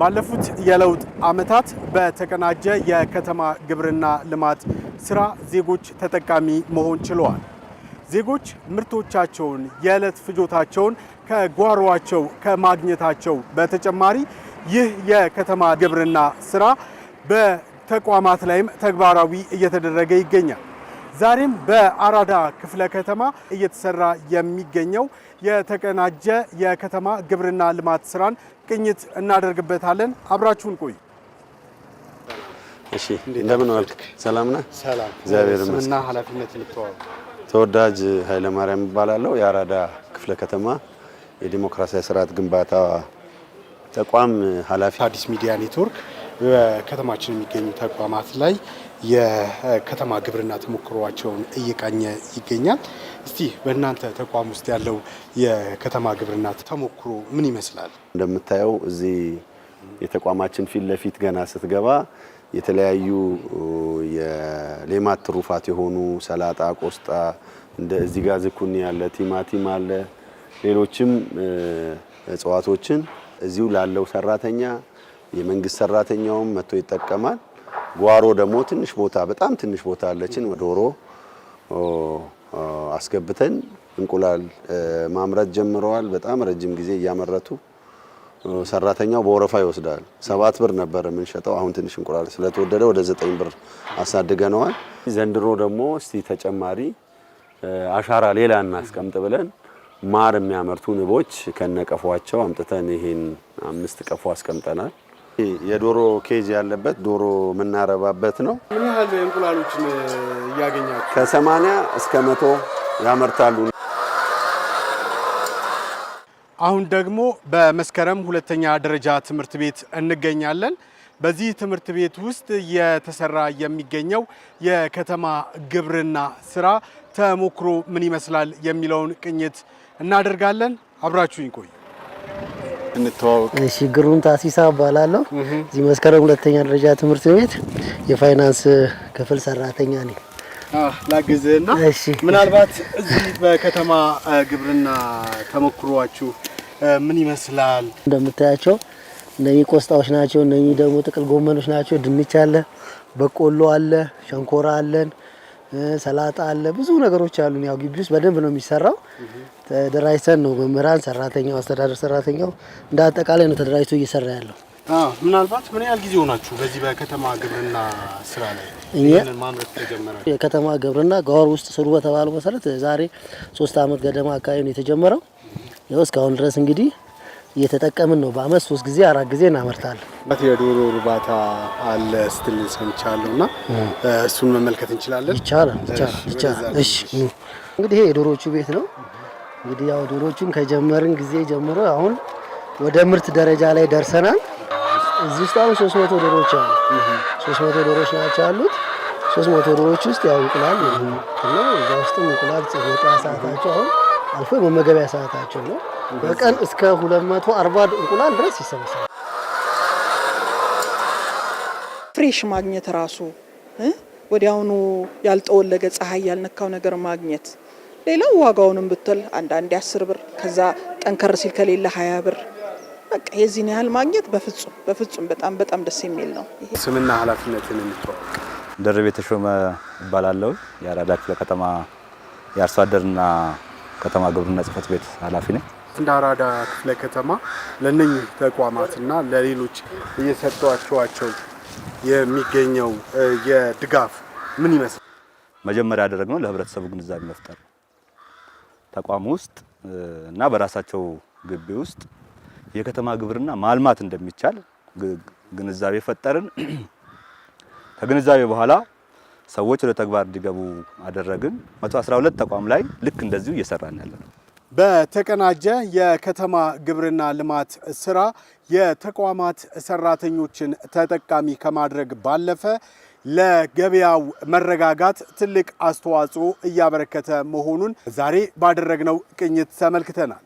ባለፉት የለውጥ ዓመታት በተቀናጀ የከተማ ግብርና ልማት ስራ ዜጎች ተጠቃሚ መሆን ችለዋል። ዜጎች ምርቶቻቸውን የዕለት ፍጆታቸውን ከጓሯቸው ከማግኘታቸው በተጨማሪ ይህ የከተማ ግብርና ስራ በተቋማት ላይም ተግባራዊ እየተደረገ ይገኛል። ዛሬም በአራዳ ክፍለ ከተማ እየተሰራ የሚገኘው የተቀናጀ የከተማ ግብርና ልማት ስራን ቅኝት እናደርግበታለን። አብራችሁን ቆዩ። እሺ፣ እንደምን ዋልክ? ሰላም ነህ? ሰላም፣ እግዚአብሔር ይመስገን። ስምና ኃላፊነት ልትዋወቅ። ተወዳጅ ኃይለ ማርያም እባላለሁ። የአራዳ ክፍለ ከተማ የዲሞክራሲያዊ ስርዓት ግንባታ ተቋም ኃላፊ፣ አዲስ ሚዲያ ኔትወርክ በከተማችን የሚገኙ ተቋማት ላይ የከተማ ግብርና ተሞክሯቸውን እየቃኘ ይገኛል። እስቲ በእናንተ ተቋም ውስጥ ያለው የከተማ ግብርና ተሞክሮ ምን ይመስላል? እንደምታየው እዚህ የተቋማችን ፊት ለፊት ገና ስትገባ የተለያዩ የሌማት ትሩፋት የሆኑ ሰላጣ፣ ቆስጣ እንደ እዚህ ጋር ዝኩኒ ያለ ቲማቲም አለ ሌሎችም እጽዋቶችን እዚሁ ላለው ሰራተኛ የመንግስት ሰራተኛውም መጥቶ ይጠቀማል። ጓሮ ደግሞ ትንሽ ቦታ በጣም ትንሽ ቦታ አለችን። ዶሮ አስገብተን እንቁላል ማምረት ጀምረዋል። በጣም ረጅም ጊዜ እያመረቱ ሰራተኛው በወረፋ ይወስዳል። ሰባት ብር ነበር የምንሸጠው። አሁን ትንሽ እንቁላል ስለተወደደ ወደ ዘጠኝ ብር አሳድገነዋል። ዘንድሮ ደግሞ እስቲ ተጨማሪ አሻራ ሌላ እናስቀምጥ ብለን ማር የሚያመርቱ ንቦች ከነቀፏቸው አምጥተን ይህን አምስት ቀፎ አስቀምጠናል። የዶሮ ኬጅ ያለበት ዶሮ የምናረባበት ነው። ምን ያህል እንቁላሎችን እያገኛል? ከሰማንያ እስከ መቶ ያመርታሉ። አሁን ደግሞ በመስከረም ሁለተኛ ደረጃ ትምህርት ቤት እንገኛለን። በዚህ ትምህርት ቤት ውስጥ የተሰራ የሚገኘው የከተማ ግብርና ስራ ተሞክሮ ምን ይመስላል የሚለውን ቅኝት እናደርጋለን። አብራችሁ ይቆዩ። እንተዋወቅ። እሺ ግሩም ታሲሳ እባላለሁ። እዚህ መስከረም ሁለተኛ ደረጃ ትምህርት ቤት የፋይናንስ ክፍል ሰራተኛ ነኝ። ላግዝህና ምናልባት እዚህ በከተማ ግብርና ተሞክሯችሁ ምን ይመስላል? እንደምታያቸው እነኚህ ቆስጣዎች ናቸው። እነኚህ ደግሞ ጥቅል ጎመኖች ናቸው። ድንች አለ፣ በቆሎ አለ፣ ሸንኮራ አለን። ሰላጣ አለ፣ ብዙ ነገሮች አሉ። ያው ግቢ ውስጥ በደንብ ነው የሚሰራው። ተደራጅተን ነው መምህራን፣ ሰራተኛው፣ አስተዳደር ሰራተኛው እንደ አጠቃላይ ነው ተደራጅቶ እየሰራ ያለው። ምናልባት ምን ያህል ጊዜ ሆናችሁ በዚህ በከተማ ግብርና ስራ ላይ ማምረት ተጀመረ? የከተማ ግብርና ገወር ውስጥ ስሩ በተባለው መሰረት ዛሬ ሶስት አመት ገደማ አካባቢ ነው የተጀመረው። ያው እስካሁን ድረስ እንግዲህ እየተጠቀምን ነው። በአመት ሶስት ጊዜ አራት ጊዜ እናመርታለን። የዶሮ እርባታ አለ ስትል ሰምቻለሁ እና እሱን መመልከት እንችላለን? ይቻላል እሺ እንግዲህ የዶሮቹ ቤት ነው። እንግዲህ ያው ዶሮቹን ከጀመርን ጊዜ ጀምሮ አሁን ወደ ምርት ደረጃ ላይ ደርሰናል። እዚህ ውስጥ አሁን ሶስት መቶ ዶሮዎች አሉ። መቶ ዶሮዎች ናቸው ያሉት። መቶ ዶሮዎች ውስጥ ያው እንቁላል ነው እና እዛ ውስጥም እንቁላል ጽፎጣ ሰዓታቸው አሁን አልፎ የመመገቢያ ሰዓታቸው ነው። በቀን እስከ 240 እንቁላል ድረስ ይሰበሰባል። ፍሬሽ ማግኘት ራሱ ወዲያውኑ ያልጠወለገ ፀሐይ ያልነካው ነገር ማግኘት። ሌላው ዋጋውንም ብትል አንዳንዴ አስር ብር ከዛ ጠንከር ሲል ከሌለ ሀያ ብር በቃ የዚህን ያህል ማግኘት በፍጹም በፍጹም በጣም በጣም ደስ የሚል ነው። ስምና ኃላፊነትን የሚተዋወቅ ደርቤ ተሾመ እባላለሁ። የአራዳ ክፍለ ከተማ የአርሶ አደርና ከተማ ግብርና ጽሕፈት ቤት ኃላፊ ነኝ። እንደ አራዳ ክፍለ ከተማ ለነኚህ ተቋማትና ለሌሎች እየሰጧቸዋቸው የሚገኘው የድጋፍ ምን ይመስል? መጀመሪያ ያደረግነው ለህብረተሰቡ ግንዛቤ መፍጠር ተቋም ውስጥ እና በራሳቸው ግቢ ውስጥ የከተማ ግብርና ማልማት እንደሚቻል ግንዛቤ ፈጠርን። ከግንዛቤ በኋላ ሰዎች ወደ ተግባር እንዲገቡ አደረግን። 112 ተቋም ላይ ልክ እንደዚሁ እየሰራን ያለ ነው። በተቀናጀ የከተማ ግብርና ልማት ስራ የተቋማት ሰራተኞችን ተጠቃሚ ከማድረግ ባለፈ ለገበያው መረጋጋት ትልቅ አስተዋጽኦ እያበረከተ መሆኑን ዛሬ ባደረግነው ቅኝት ተመልክተናል።